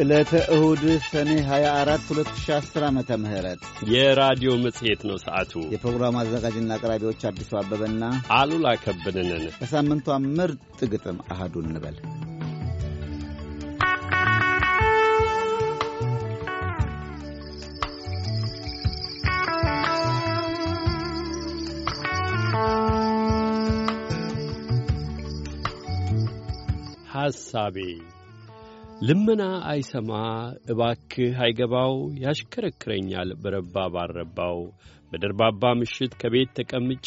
ዕለተ እሁድ ሰኔ 24 2010 ዓ ም የራዲዮ መጽሔት ነው ሰዓቱ። የፕሮግራሙ አዘጋጅና አቅራቢዎች አዲሱ አበበና አሉላ ከበደንን ከሳምንቷ ምርጥ ግጥም አህዱ እንበል። ሐሳቤ ልመና አይሰማ እባክህ አይገባው ያሽከረክረኛል በረባ ባረባው በደርባባ ምሽት ከቤት ተቀምጬ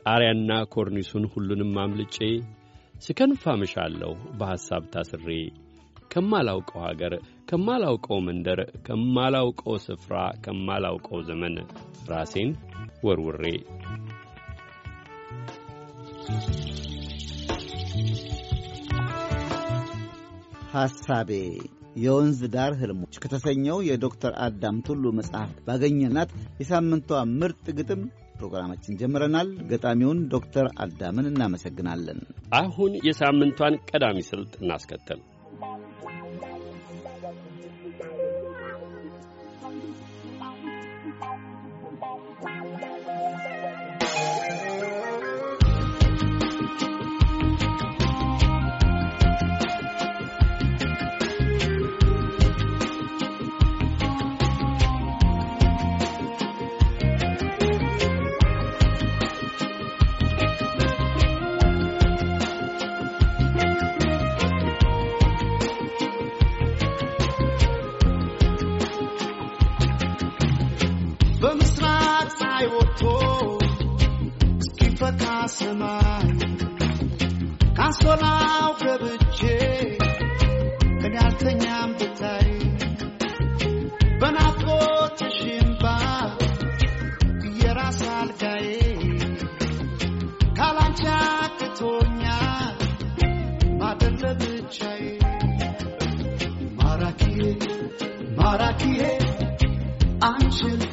ጣሪያና ኮርኒሱን ሁሉንም አምልጬ ስከንፋ ምሻለሁ በሐሳብ ታስሬ ከማላውቀው አገር ከማላውቀው መንደር ከማላውቀው ስፍራ ከማላውቀው ዘመን ራሴን ወርውሬ ሐሳቤ የወንዝ ዳር ህልሞች ከተሰኘው የዶክተር አዳም ቱሉ መጽሐፍ ባገኘናት የሳምንቷ ምርጥ ግጥም ፕሮግራማችን ጀምረናል። ገጣሚውን ዶክተር አዳምን እናመሰግናለን። አሁን የሳምንቷን ቀዳሚ ስልት እናስከተል። በምስራቅ ፀሐይ ወጥቶ እስኪፈካ ሰማይ ካንሶላው ገብቼ ከኔ አልተኛም ብታይ በናፍቆት ሽምባ የራስ አልጋዬ ካላንቻክቶኛል ማደር ለብቻዬ ማራኪዬ ማራኪዬ አንቺን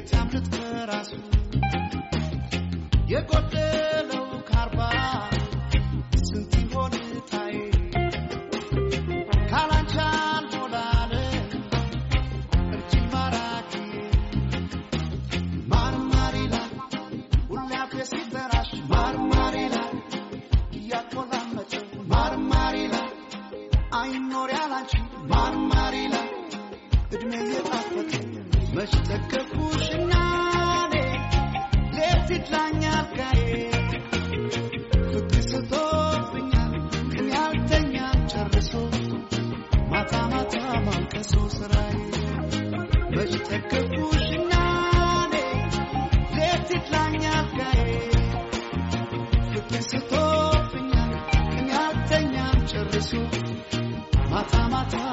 የታምርት በራሱ የጎደለው ካርባ ስንት ይሆን ታይ ካላንቻን ሞላለ እጅ ማራኪ ማርማሪላ ሁላፍ ሲበራሽ ማርማሪላ እያቆላመጭ ማርማሪላ አይኖር ያላንቺ ማርማሪላ እድሜ የጣፈጠኝ መች ተከፉሽና ሌት ይድላኛል ጋዬ ፍቅስቶብኛል ግን ያልተኛል ጨርሶ ማታ ማታ ማልቀሶ ስራዬ መች ሌት ይድላኛል ጋዬ ፍቅስቶብኛል ግን ያልተኛል ጨርሶ ማታ